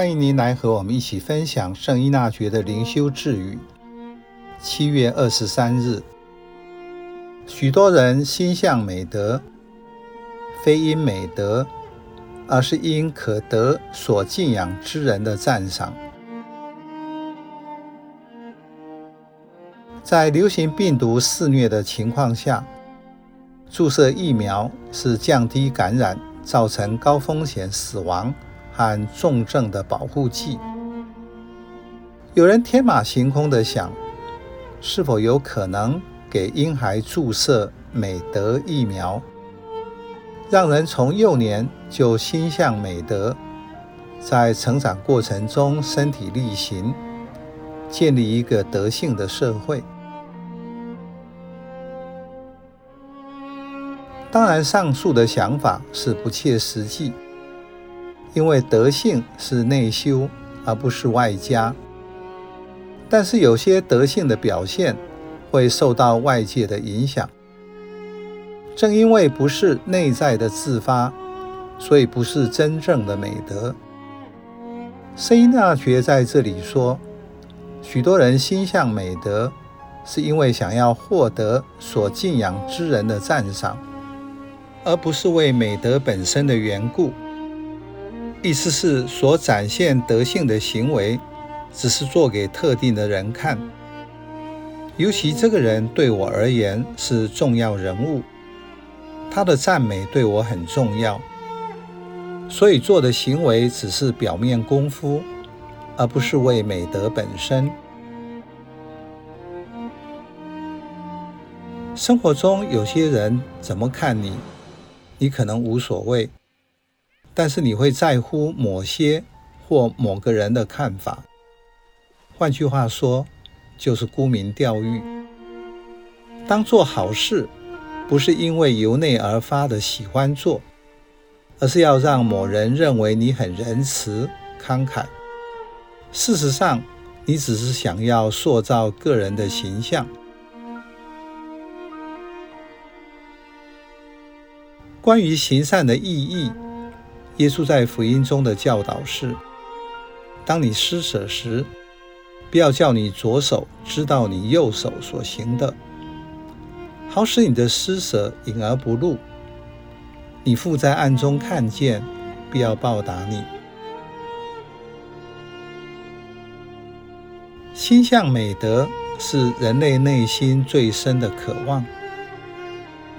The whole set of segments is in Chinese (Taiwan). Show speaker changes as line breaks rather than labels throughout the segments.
歡迎您來和我們一起分享聖依納爵的靈修智語。七月二十三日，許多人心向美德，非因美德，而是因可得所敬仰之人的讚賞。在流行病毒肆虐的情況下，注射疫苗是降低感染，造成高風險死亡。和重症的保護劑。有人天馬行空的想，是否有可能給嬰孩注射美德疫苗，讓人從幼年就心向美德，在成長過程中身體力行，建立一個德性的社會。當然，上述的想法是不切實際。因為德性是內修，而不是外加。但是有些德性的表現會受到外界的影響。正因為不是內在的自發，所以不是真正的美德。聖依納爵在這裡說，許多人心向美德，是因為想要獲得所敬仰之人的讚賞，而不是為美德本身的緣故。意思是，所展現德性的行為，只是做給特定的人看，尤其這個人對我而言是重要人物，他的讚美對我很重要，所以做的行為只是表面功夫，而不是為美德本身。生活中有些人怎麼看你，你可能無所謂。但是你會在乎某些或某個人的看法，換句話說，就是沽名釣譽。當做好事，不是因為由內而發的喜歡做，而是要讓某人認為你很仁慈、慷慨。事實上，你只是想要塑造個人的形象。關於行善的意義。耶穌在福音中的教導是：當你施捨時，不要叫你左手知道你右手所行的，好使你的施捨隱而不露，你父在暗中看見，必要報答你。心向美德是人類內心最深的渴望，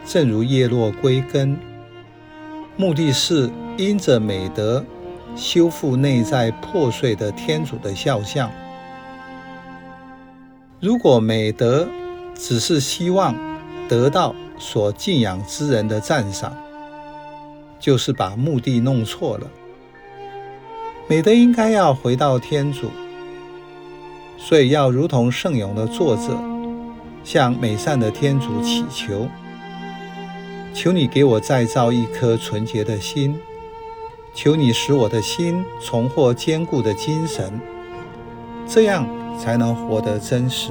正如葉落歸根。目的是因着美德修復內在破碎的天主的肖像。如果美德只是希望得到所敬仰之人的讚賞，就是把目的弄錯了。美德應該要回到天主，所以要如同聖詠的作者，向美善的天主祈求。求你給我再造一顆純潔的心，求你使我的心重獲堅固的精神，這樣才能活得真實。